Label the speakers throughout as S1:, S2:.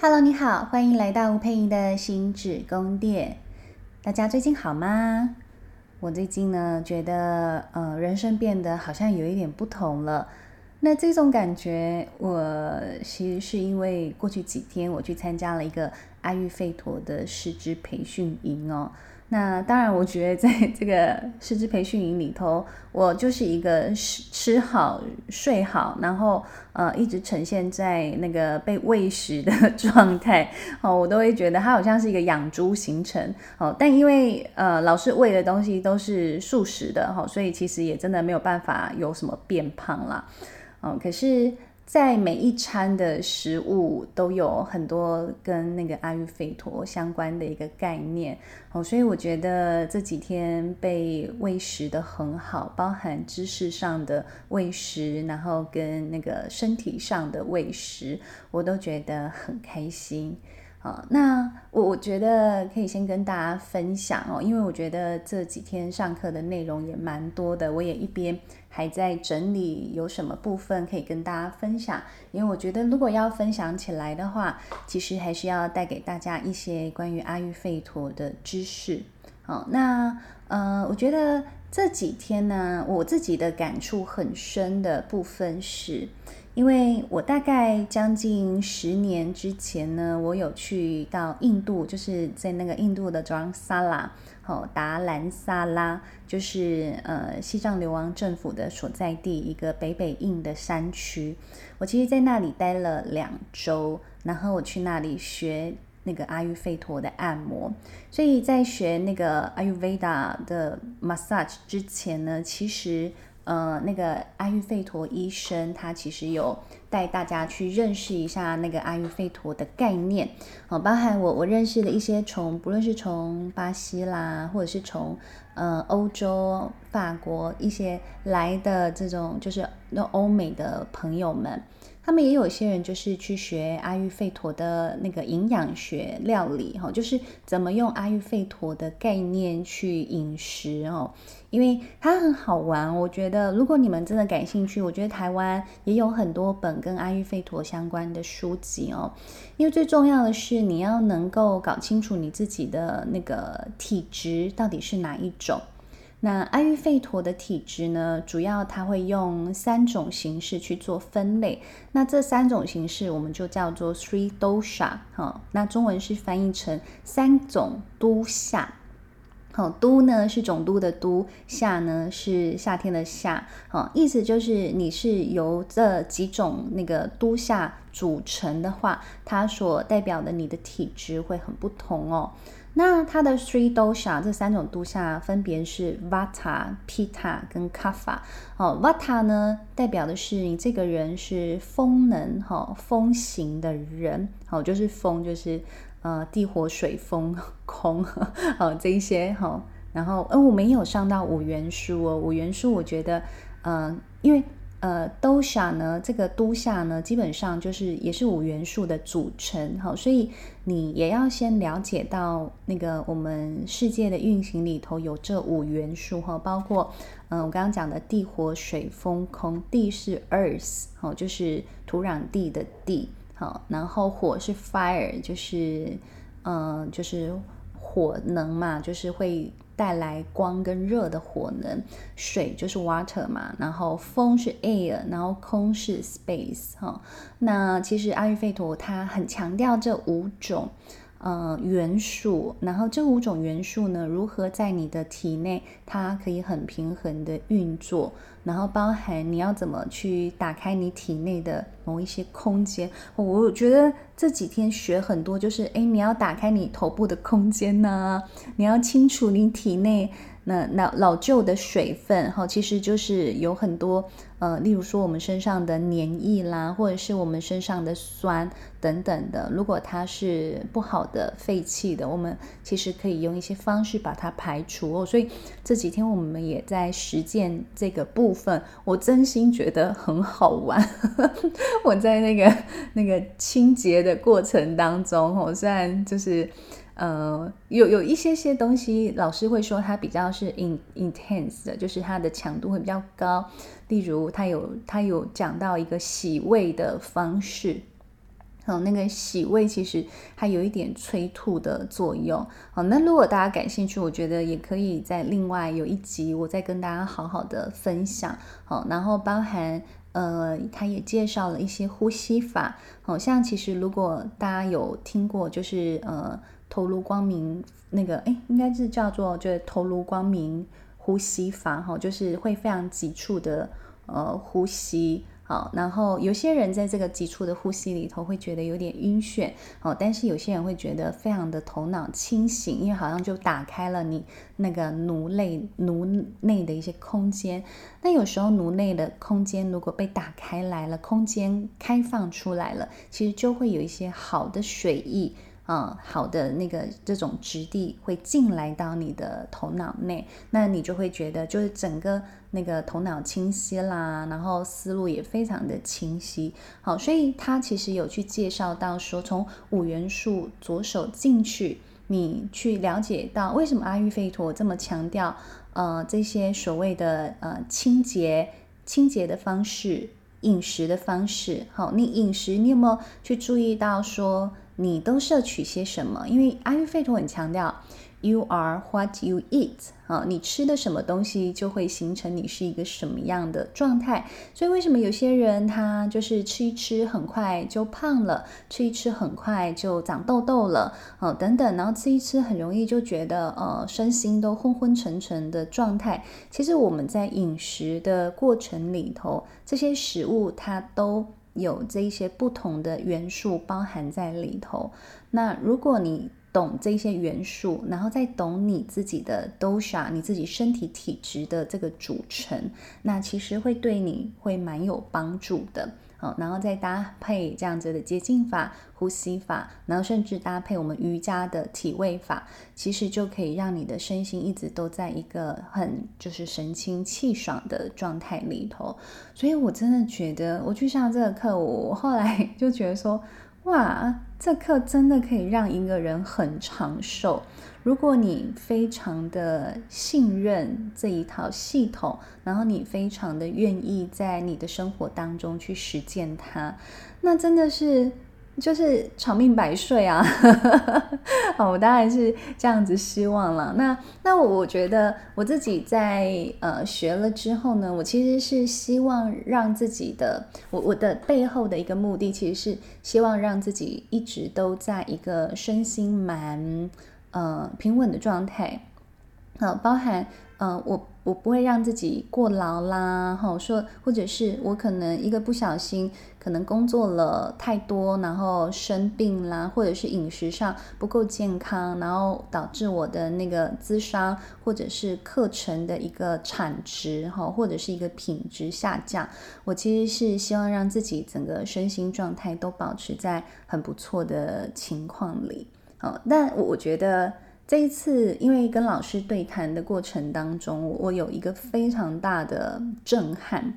S1: Hello，你好，歡迎來到吳姵瑩的心智宮殿。大家最近好嗎？我最近呢，覺得呃，人生變得好像有一點不同了。那這種感覺，我其實是因為過去幾天我去參加了一個阿育吠陀的師資培訓營哦。那當然，我覺得在這個師資培訓營裡頭，我就是一個吃吃好、睡好，然後呃一直呈現在那個被餵食的狀態哦，我都會覺得它好像是一個養豬行程哦。但因為呃老師餵的東西都是素食的哦，所以其實也真的沒有辦法有什麼變胖啦。嗯，哦，可是。在每一餐的食物都有很多跟那個阿育吠陀相關的一個概念哦，所以我覺得這幾天被餵食得很好，包含知識上的餵食，然後跟那個身體上的餵食，我都覺得很開心啊。好，那我我覺得可以先跟大家分享哦，因為我覺得這幾天上課的內容也蠻多的，我也一邊。還在整理有什麼部分可以跟大家分享，因為我覺得如果要分享起來的話，其實還是要帶給大家一些關於阿育吠陀的知識。好，那呃，我覺得這幾天呢，我自己的感觸很深的部分是。因為我大概將近十年之前呢，我有去到印度，就是在那個印度的達蘭薩拉，好，達蘭薩拉就是呃，西藏流亡政府的所在地，一個北北印的山區。我其實在那裡待了兩周，然後我去那裡學那個阿育吠陀的按摩，所以在學那個阿育吠陀的 massage 之前呢，其實。呃，那個阿育吠陀醫生，他其實有帶大家去認識一下那個阿育吠陀的概念，哦，包含我我認識的一些從，不論是從巴西啦，或者是從，呃，歐洲、法國一些來的這種，就是那歐美的朋友們，他們也有一些人就是去學阿育吠陀的那個營養學料理，哈，哦，就是怎麼用阿育吠陀的概念去飲食，哦。因為它很好玩，我覺得如果你們真的感興趣，我覺得台灣也有很多本跟阿育吠陀相關的書籍哦。因為最重要的是，你要能夠搞清楚你自己的那個體質到底是哪一種。那阿育吠陀的體質呢，主要它會用三種形式去做分類。那這三種形式，我們就叫做 three dosha 哈、哦。那中文是翻譯成三種都下。哦，都呢是總督的都，夏呢是夏天的夏。哦，意思就是你是由這幾種那個都夏組成的話，它所代表的你的體質會很不同哦。那它的 three dosha 這三種都夏分別是 vata、pitta 跟 kapha 哦，vata 呢代表的是你這個人是風能哈、哦、風行的人，哦就是風就是。呃，地、火、水、風、空，呵呵，好這一些哈、哦。然後，呃、哦，我沒有上到五元素哦。五元素，我覺得，呃，因為呃，都夏呢，這個都夏呢，基本上就是也是五元素的組成哈、哦。所以你也要先了解到那個我們世界的運行裡頭有這五元素哈、哦，包括嗯、呃，我剛剛講的地、火、水、風、空。地是 earth，哦，就是土壤地的地。好，然後火是 fire，就是，嗯、呃，就是火能嘛，就是會帶來光跟熱的火能。水就是 water 嘛，然後風是 air，然後空是 space 哈。那其實阿育吠陀他很強調這五種。嗯、呃，元素，然後這五種元素呢，如何在你的體內，它可以很平衡的運作，然後包含你要怎麼去打開你體內的某一些空間？我覺得這幾天學很多，就是哎，你要打開你頭部的空間吶、啊，你要清除你體內那那老舊的水分，好，其實就是有很多。呃，例如說我們身上的黏液啦，或者是我們身上的酸等等的，如果它是不好的廢棄的，我們其實可以用一些方式把它排除哦。所以這幾天我們也在實踐這個部分，我真心覺得很好玩。 我在那個那個清潔的過程當中，哦，我雖然就是。呃，有有一些些東西，老師會說它比較是 intense 的，就是它的強度會比較高。例如，它有它有講到一個洗胃的方式，嗯，那個洗胃其實它有一點催吐的作用。嗯，那如果大家感興趣，我覺得也可以在另外有一集，我再跟大家好好的分享。嗯，然後包含呃，他也介紹了一些呼吸法。好像其實如果大家有聽過，就是呃。頭顱光明，那個哎，應該是叫做就頭顱光明呼吸法哈，哦，就是會非常急促的呃呼吸好，哦，然後有些人在這個急促的呼吸裡頭會覺得有點暈眩哦，但是有些人會覺得非常的頭腦清醒，因為好像就打開了你那個顱內顱內的一些空間。那有時候顱內的空間如果被打開來了，空間開放出來了，其實就會有一些好的水意。嗯，好的，那個這種質地會進來到你的頭腦內，那你就會覺得就是整個那個頭腦清晰啦，然後思路也非常的清晰。好，所以他其實有去介紹到說，從五元素著手進去，你去了解到為什麼阿育吠陀這麼強調，呃，這些所謂的呃清潔、清潔的方式、飲食的方式。好，你飲食你有沒有去注意到說，你都攝取些什麼？因為阿育吠陀很強調，You are what you eat。啊，你吃的什麼東西就會形成你是一個什麼樣的狀態。所以為什麼有些人他就是吃一吃很快就胖了，吃一吃很快就長痘痘了，啊，等等，然後吃一吃很容易就覺得，呃，身心都昏昏沉沉的狀態。其實我們在飲食的過程裡頭，這些食物它都。有這一些不同的元素包含在裡頭，那如果你懂這些元素，然後再懂你自己的 dosha，你自己身體體質的這個組成，那其實會對你會蠻有幫助的。好，然後再搭配這樣子的潔淨法、呼吸法，然後甚至搭配我們瑜伽的體位法，其實就可以讓你的身心一直都在一個很就是神清氣爽的狀態裡頭。所以我真的覺得，我去上這個課，我後來就覺得說，哇，這課真的可以讓一個人很長壽。如果你非常的信任這一套系統，然後你非常的願意在你的生活當中去實踐它，那真的是就是長命百歲啊！ 好，我當然是這樣子希望了。那那我我覺得我自己在呃學了之後呢，我其實是希望讓自己的我我的背後的一個目的，其實是希望讓自己一直都在一個身心蠻。呃，平穩的狀態，呃，包含呃，我我不會讓自己過勞啦，哈、哦，說或者是我可能一個不小心，可能工作了太多，然後生病啦，或者是飲食上不夠健康，然後導致我的那個諮商或者是課程的一個產值哈、哦，或者是一個品質下降。我其實是希望讓自己整個身心狀態都保持在很不錯的情況裡。哦，但我我覺得這一次，因為跟老師對談的過程當中，我有一個非常大的震撼。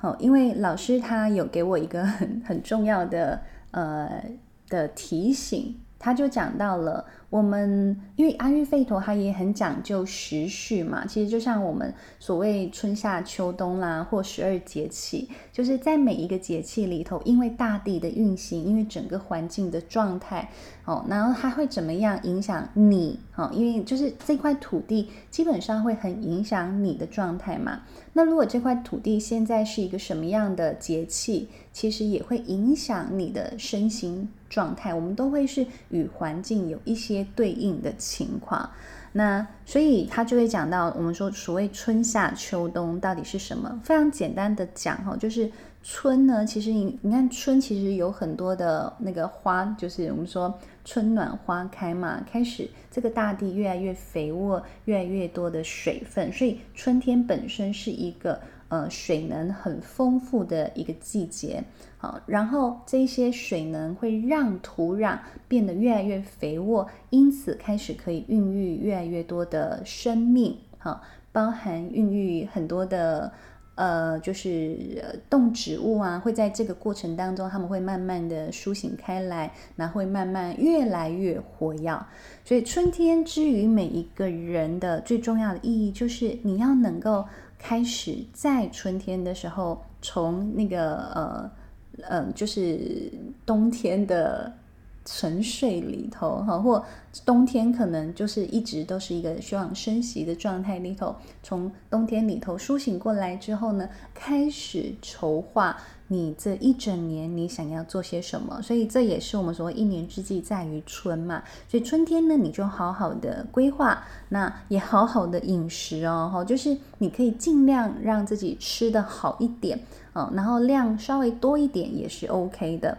S1: 哦，因為老師他有給我一個很很重要的呃的提醒。他就講到了，我們因為阿育吠陀他也很講究時序嘛，其實就像我們所謂春夏秋冬啦，或十二節氣，就是在每一個節氣裡頭，因為大地的運行，因為整個環境的狀態，哦，然後它會怎麼樣影響你？哦，因為就是這塊土地基本上會很影響你的狀態嘛。那如果這塊土地現在是一個什麼樣的節氣，其實也會影響你的身心。狀態，我們都會是與環境有一些對應的情況，那所以他就會講到，我們說所謂春夏秋冬到底是什麼？非常簡單的講哈，就是春呢，其實你你看春，其實有很多的那個花，就是我們說春暖花開嘛，開始這個大地越來越肥沃，越來越多的水分，所以春天本身是一個呃水能很豐富的一個季節。好，然後這些水能會讓土壤變得越來越肥沃，因此開始可以孕育越來越多的生命。好，包含孕育很多的呃，就是動植物啊，會在這個過程當中，他們會慢慢的甦醒開來，然後會慢慢越來越活躍。所以春天之於每一個人的最重要的意義，就是你要能夠開始在春天的時候，從那個呃。嗯，就是冬天的沉睡裡頭哈，或冬天可能就是一直都是一個休養生息的狀態裡頭。從冬天裡頭甦醒過來之後呢，開始籌劃你這一整年你想要做些什麼。所以這也是我們所謂一年之計在於春嘛。所以春天呢，你就好好的規劃，那也好好的飲食哦，哈，就是你可以盡量讓自己吃得好一點。嗯，然後量稍微多一點也是 OK 的。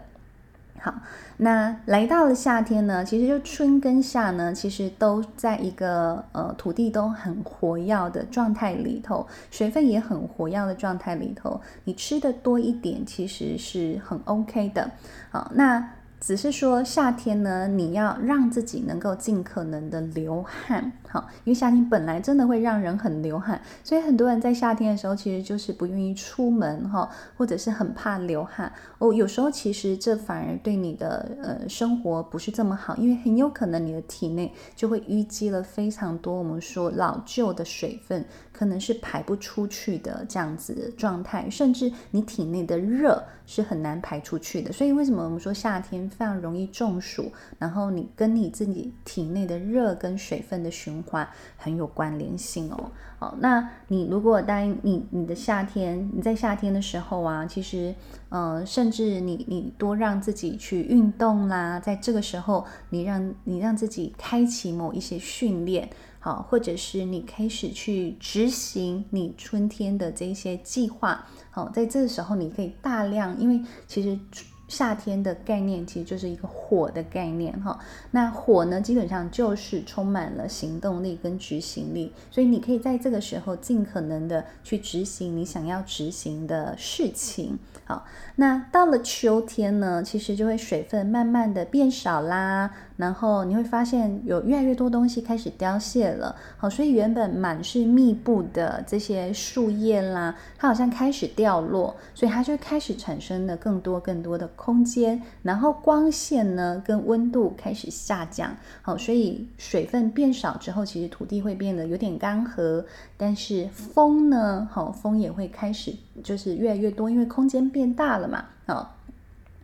S1: 好，那來到了夏天呢，其實就春跟夏呢，其實都在一個呃土地都很活躍的狀態裡頭，水分也很活躍的狀態裡頭，你吃的多一點其實是很 OK 的。好，那。只是說夏天呢，你要讓自己能夠盡可能的流汗，哈，因為夏天本來真的會讓人很流汗，所以很多人在夏天的時候其實就是不願意出門，哈，或者是很怕流汗。哦，有時候其實這反而對你的呃生活不是這麼好，因為很有可能你的體內就會淤積了非常多我們說老舊的水分。可能是排不出去的這樣子狀態，甚至你體內的熱是很難排出去的。所以為什麼我們說夏天非常容易中暑？然後你跟你自己體內的熱跟水分的循環很有關聯性哦。好，那你如果當你你的夏天，你在夏天的時候啊，其實，呃，甚至你你多讓自己去運動啦，在這個時候，你讓你讓自己開啟某一些訓練，好，或者是你開始去執行你春天的這些計劃，好，在這個時候你可以大量，因為其實。夏天的概念其實就是一個火的概念哈，那火呢，基本上就是充滿了行動力跟執行力，所以你可以在這個時候盡可能的去執行你想要執行的事情。好，那到了秋天呢，其實就會水分慢慢的變少啦。然後你會發現有越來越多東西開始凋謝了，好，所以原本滿是密布的這些樹葉啦，它好像開始掉落，所以它就開始產生了更多更多的空間，然後光線呢，跟溫度開始下降，好，所以水分變少之後，其實土地會變得有點乾涸，但是風呢，好，風也會開始就是越來越多，因為空間變大了嘛，好。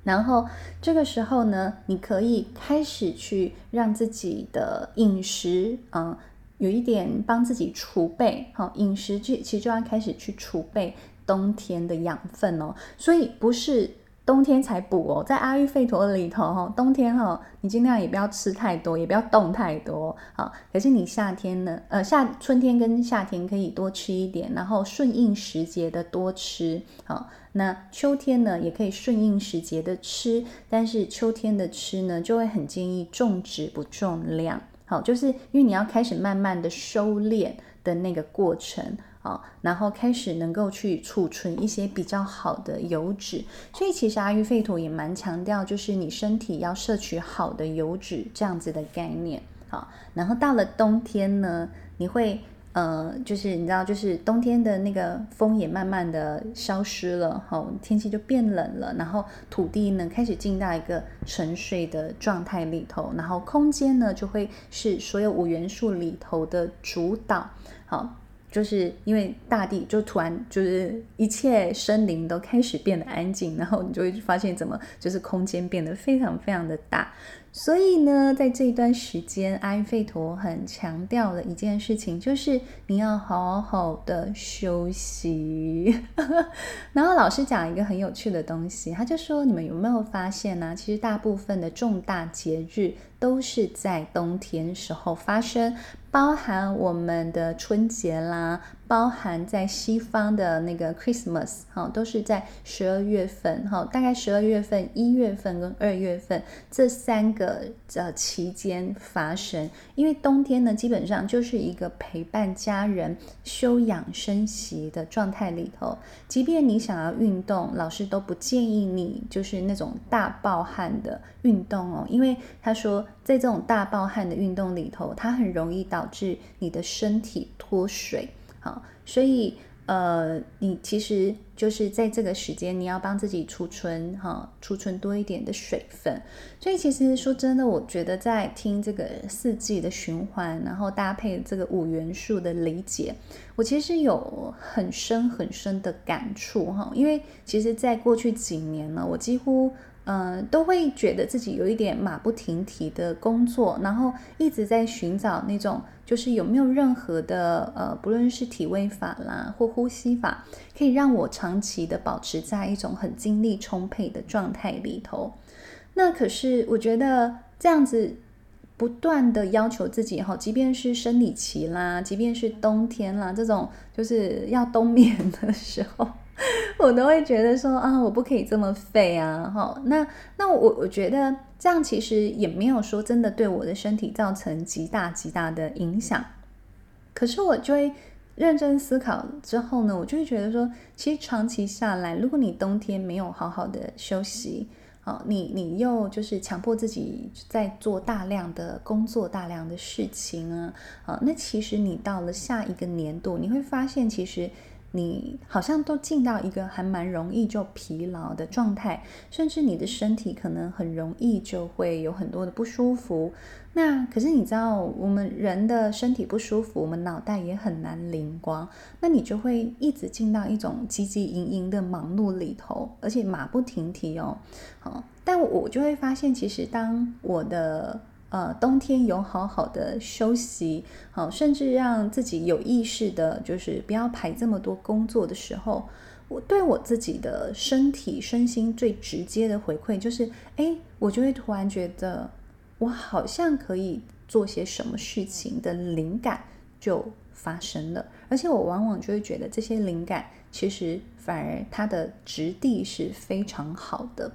S1: 然後這個時候呢，你可以開始去讓自己的飲食，嗯，有一點幫自己儲備好，哦，飲食去，去其實就要開始去儲備冬天的養分哦。所以不是。冬天才補哦，在阿育吠陀的裡頭冬天哈、哦，你盡量也不要吃太多，也不要動太多。好，可是你夏天呢，呃，夏春天跟夏天可以多吃一點，然後順應時節的多吃。好，那秋天呢，也可以順應時節的吃，但是秋天的吃呢，就會很建議重質不重量，好，就是因為你要開始慢慢的收斂的那個過程。好，然後開始能夠去儲存一些比較好的油脂，所以其實阿育吠陀也蠻強調，就是你身體要攝取好的油脂這樣子的概念。好，然後到了冬天呢，你會呃，就是你知道，就是冬天的那個風也慢慢的消失了，好，天氣就變冷了，然後土地呢，開始進到一個沉睡的狀態裡頭，然後空間呢就會是所有五元素裡頭的主導。好。就是因為大地就突然就是一切生靈都開始變得安靜，然後你就會發現怎麼就是空間變得非常非常的大。所以呢，在這一段時間，阿育吠陀很強調的一件事情就是你要好好的休息。 然後老師講一個很有趣的東西，他就說，你們有沒有發現呢、啊？其實大部分的重大節日。都是在冬天時候發生，包含我們的春節啦，包含在西方的那個 Christmas，哈、哦，都是在十二月份，哈、哦，大概十二月份、一月份跟二月份這三個呃期間發生，因為冬天呢，基本上就是一個陪伴家人、休養生息的狀態裡頭，即便你想要運動，老師都不建議你就是那種大暴汗的運動哦，因為他說。在這種大爆汗的運動裡頭，它很容易導致你的身體脫水，哈，所以呃，你其實就是在這個時間，你要幫自己儲存哈、哦，儲存多一點的水分。所以其實說真的，我覺得在聽這個四季的循環，然後搭配這個五元素的理解，我其實有很深很深的感觸哈、哦，因為其實在過去幾年呢，我幾乎。嗯、呃，都會覺得自己有一點馬不停蹄的工作，然後一直在尋找那種，就是有沒有任何的呃，不論是體位法啦，或呼吸法，可以讓我長期的保持在一種很精力充沛的狀態裡頭。那可是我覺得這樣子不斷的要求自己哈，即便是生理期啦，即便是冬天啦，這種就是要冬眠的時候。 我都會覺得說啊，我不可以這麼廢啊，哈、哦，那那我我覺得這樣其實也沒有說真的對我的身體造成極大極大的影響。可是我就會認真思考之後呢，我就會覺得說，其實長期下來，如果你冬天沒有好好的休息，哦、你你又就是強迫自己在做大量的工作、大量的事情啊，啊、哦，那其實你到了下一個年度，你會發現其實。你好像都進到一個還蠻容易就疲勞的狀態，甚至你的身體可能很容易就會有很多的不舒服。那可是你知道，我們人的身體不舒服，我們腦袋也很難靈光。那你就會一直進到一種汲汲營營的忙碌裡頭，而且馬不停蹄哦。但我就會發現，其實當我的呃，冬天有好好的休息，好、哦、甚至讓自己有意識的，就是不要排這麼多工作的時候，我對我自己的身體身心最直接的回饋，就是誒，我就會突然覺得我好像可以做些什麼事情的靈感就發生了，而且我往往就會覺得這些靈感其實反而它的質地是非常好的，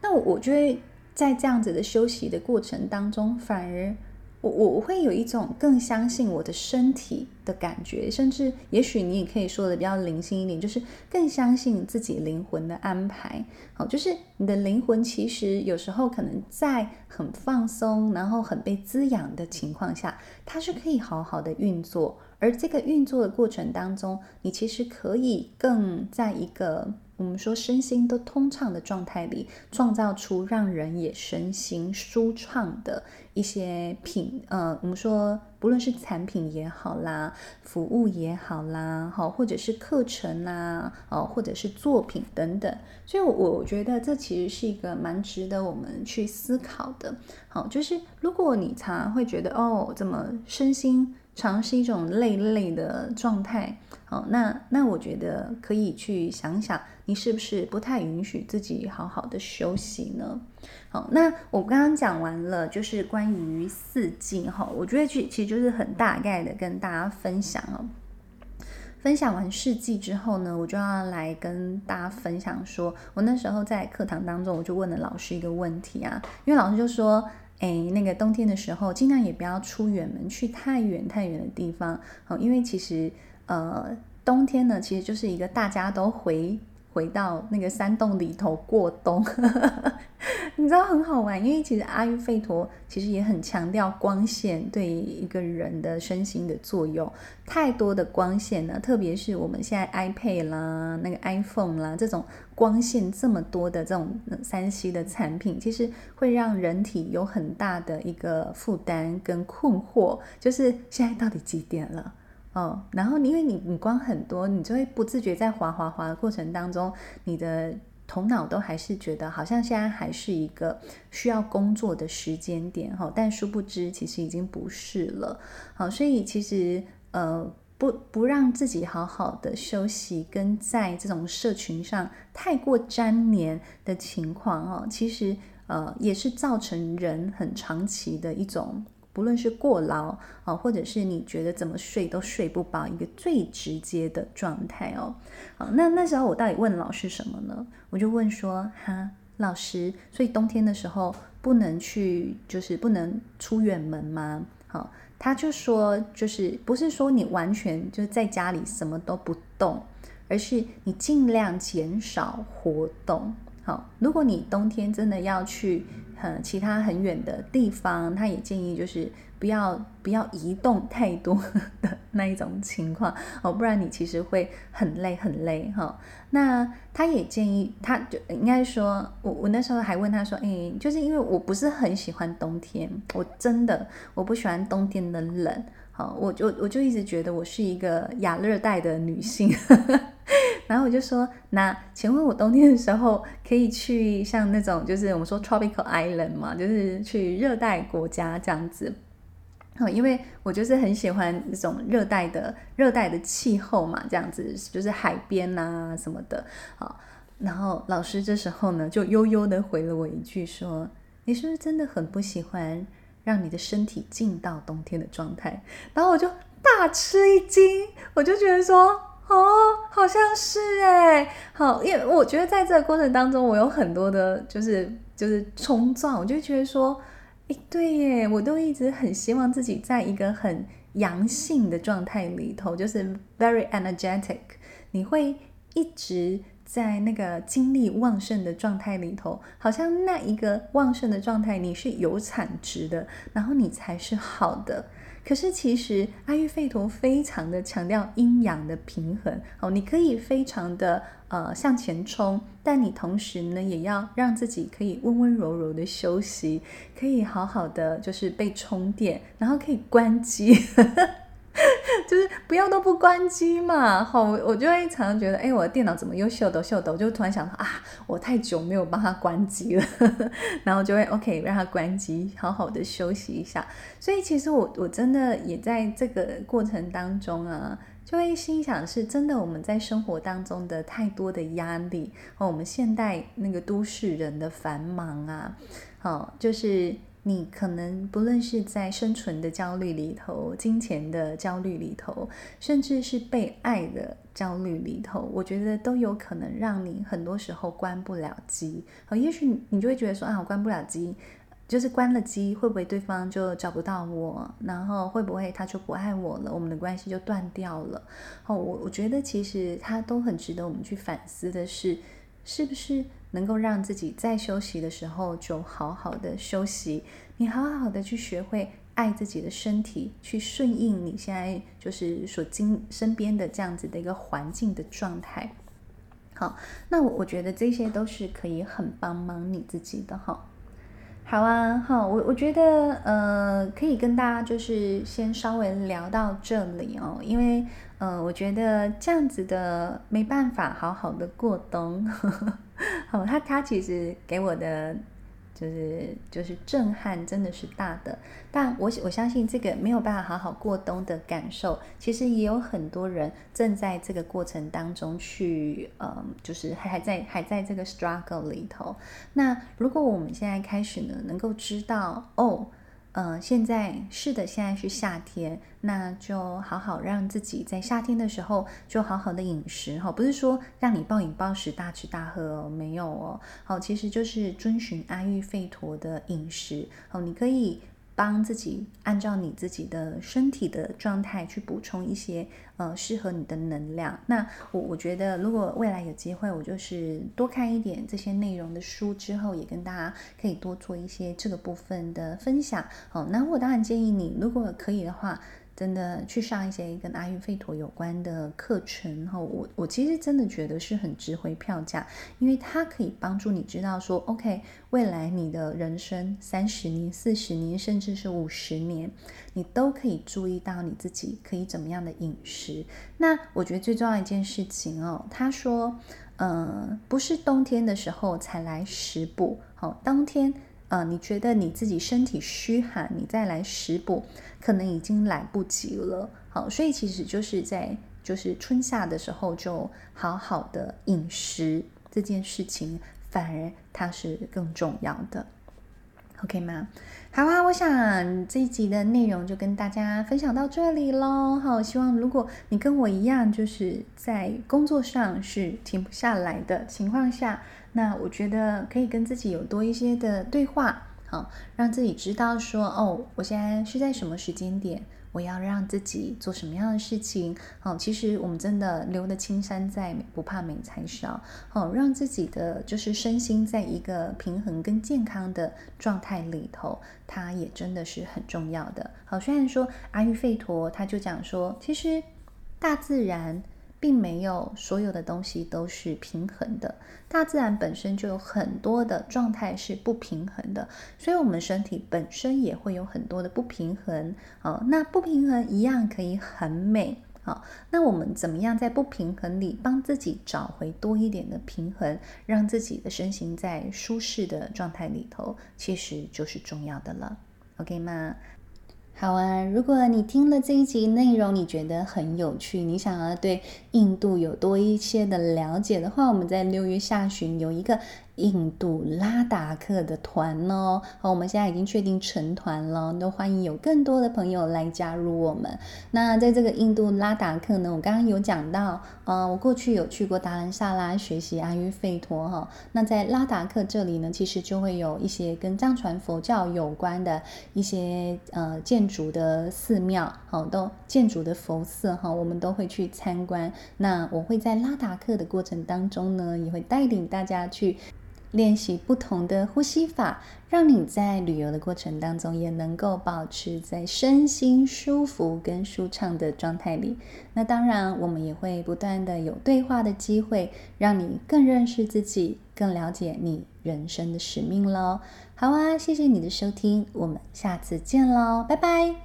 S1: 那我，我就會。在這樣子的休息的過程當中，反而我我我會有一種更相信我的身體的感覺，甚至也許你也可以說的比較靈性一點，就是更相信自己靈魂的安排。好，就是你的靈魂其實有時候可能在很放鬆，然後很被滋養的情況下，它是可以好好的運作。而這個運作的過程當中，你其實可以更在一個我們說身心都通暢的狀態裡，創造出讓人也身心舒暢的一些品，呃，我們說不論是產品也好啦，服務也好啦，或者是課程吶，或者是作品等等，所以我覺得這其實是一個蠻值得我們去思考的。好，就是如果你常常會覺得哦，怎麼身心？常是一種累累的狀態，好，那那我覺得可以去想想，你是不是不太允許自己好好的休息呢？好，那我剛剛講完了，就是關於四季哈，我覺得其其實就是很大概的跟大家分享哦。分享完四季之後呢，我就要來跟大家分享說，說我那時候在課堂當中，我就問了老師一個問題啊，因為老師就說。哎，那個冬天的時候，盡量也不要出遠門，去太遠太遠的地方。因為其實，呃，冬天呢，其實就是一個大家都回回到那個山洞裡頭過冬。 你知道很好玩，因為其實阿育吠陀其實也很強調光線對於一個人的身心的作用。太多的光線呢，特別是我們現在 iPad 啦、那個 iPhone 啦這種光線這麼多的這種三 C 的產品，其實會讓人體有很大的一個負擔跟困惑，就是現在到底幾點了？哦，然後因為你你光很多，你就會不自覺在滑滑滑的過程當中，你的。頭腦都還是覺得好像現在還是一個需要工作的時間點，但殊不知其實已經不是了，所以其實呃不不讓自己好好的休息，跟在這種社群上太過粘連的情況哦，其實呃也是造成人很長期的一種。不論是過勞，或者是你覺得怎麼睡都睡不飽，一個最直接的狀態哦。好，那那時候我到底問老師什麼呢？我就問說，哈，老師，所以冬天的時候不能去，就是不能出遠門嗎？好，他就說，就是不是說你完全就是在家裡什麼都不動，而是你盡量減少活動。好，如果你冬天真的要去，嗯、呃，其他很遠的地方，他也建議就是不要不要移動太多的那一種情況哦，不然你其實會很累很累哈、哦。那他也建議，他就應該說，我我那時候還問他說，哎，就是因為我不是很喜歡冬天，我真的我不喜歡冬天的冷。好，我就我就一直覺得我是一個亞熱帶的女性， 然後我就說，那請問我冬天的時候可以去像那種就是我們說 tropical island 嘛，就是去熱帶國家這樣子。好，因為我就是很喜歡那種熱帶的熱帶的氣候嘛，這樣子就是海邊吶、啊、什麼的。好，然後老師這時候呢就悠悠的回了我一句說，你是不是真的很不喜歡？讓你的身體進到冬天的狀態，然後我就大吃一驚，我就覺得說，哦，好像是耶，好，因為我覺得在這個過程當中，我有很多的，就是就是衝撞，我就覺得說，誒，對耶，我都一直很希望自己在一個很陽性的狀態裡頭，就是 very energetic，你會一直。在那個精力旺盛的狀態裡頭，好像那一個旺盛的狀態你是有產值的，然後你才是好的。可是其實阿育吠陀非常的強調陰陽的平衡，哦，你可以非常的呃向前衝，但你同時呢也要讓自己可以溫溫柔柔的休息，可以好好的就是被充電，然後可以關機。 就是不要都不關機嘛，好，我就會常常覺得，哎、欸，我的電腦怎麼又秀逗秀逗，我就突然想，啊，我太久沒有幫它關機了呵呵，然後就會 OK 讓它關機，好好的休息一下。所以其實我我真的也在這個過程當中啊，就會心想是真的我們在生活當中的太多的壓力，和我們現代那個都市人的繁忙啊，好就是。你可能不論是在生存的焦慮裡頭、金錢的焦慮裡頭，甚至是被愛的焦慮裡頭，我覺得都有可能讓你很多時候關不了機。好，也許你就會覺得說，啊，我關不了機，就是關了機會不會對方就找不到我，然後會不會他就不愛我了，我們的關係就斷掉了？好，我我覺得其實它都很值得我們去反思的是，是不是？能夠讓自己在休息的時候就好好的休息，你好好的去學會愛自己的身體，去順應你現在就是所經身邊的這樣子的一個環境的狀態。好，那我我覺得這些都是可以很幫忙你自己的哈。好啊，好，我我覺得呃可以跟大家就是先稍微聊到這裡哦，因為呃我覺得這樣子的沒辦法好好的過冬。呵呵哦，他他其實給我的就是就是震撼真的是大的，但我我相信這個沒有辦法好好過冬的感受，其實也有很多人正在這個過程當中去，嗯，就是還還在還在這個 struggle 裡頭。那如果我們現在開始呢，能夠知道哦。嗯、呃，現在是的，現在是夏天，那就好好讓自己在夏天的時候就好好的飲食哈，哦，不是說讓你暴飲暴食、大吃大喝哦，沒有哦，好、哦，其實就是遵循阿育吠陀的飲食好、哦，你可以。幫自己按照你自己的身體的狀態去補充一些呃適合你的能量。那我我覺得如果未來有機會，我就是多看一點這些內容的書，之後也跟大家可以多做一些這個部分的分享。好，那我當然建議你，如果可以的話。真的去上一些跟阿育吠陀有關的課程，我我其實真的覺得是很值回票價，因為它可以幫助你知道說，OK，未來你的人生三十年、四十年，甚至是五十年，你都可以注意到你自己可以怎麼樣的飲食。那我覺得最重要一件事情哦，他說，嗯、呃，不是冬天的時候才來食補，好、哦，冬天。啊、呃，你覺得你自己身體虛寒，你再來食補，可能已經來不及了。好，所以其實就是在就是春夏的時候，就好好的飲食這件事情，反而它是更重要的，OK 嗎？好啊，我想這一集的內容就跟大家分享到這裡嘍。好，希望如果你跟我一樣，就是在工作上是停不下來的情況下。那我覺得可以跟自己有多一些的對話，好、哦，讓自己知道說哦，我現在是在什麼時間點，我要讓自己做什麼樣的事情，好、哦，其實我們真的留得青山在，不怕沒柴燒，好、哦，讓自己的就是身心在一個平衡跟健康的狀態裡頭，它也真的是很重要的。好、哦，雖然說阿育吠陀他就講說，其實大自然。並沒有所有的東西都是平衡的，大自然本身就有很多的狀態是不平衡的，所以我們身體本身也會有很多的不平衡。哦，那不平衡一樣可以很美。好。那我們怎麼樣在不平衡裡幫自己找回多一點的平衡，讓自己的身形在舒適的狀態裡頭，其實就是重要的了。OK 嗎？好啊，如果你聽了這一集內容，你覺得很有趣，你想要對印度有多一些的了解的話，我們在六月下旬有一個印度拉達克的團哦，好，我們現在已經確定成團了，那歡迎有更多的朋友來加入我們。那在這個印度拉達克呢，我剛剛有講到，呃，我過去有去過達蘭薩拉學習阿育吠陀哈、哦，那在拉達克這裡呢，其實就會有一些跟藏傳佛教有關的一些呃建築的寺廟，好、哦，都建築的佛寺哈、哦，我們都會去參觀。那我會在拉達克的過程當中呢，也會帶領大家去。練習不同的呼吸法，讓你在旅遊的過程當中也能夠保持在身心舒服跟舒暢的狀態裡。那當然，我們也會不斷的有對話的機會，讓你更認識自己，更了解你人生的使命嘍。好啊，謝謝你的收聽，我們下次見嘍，拜拜。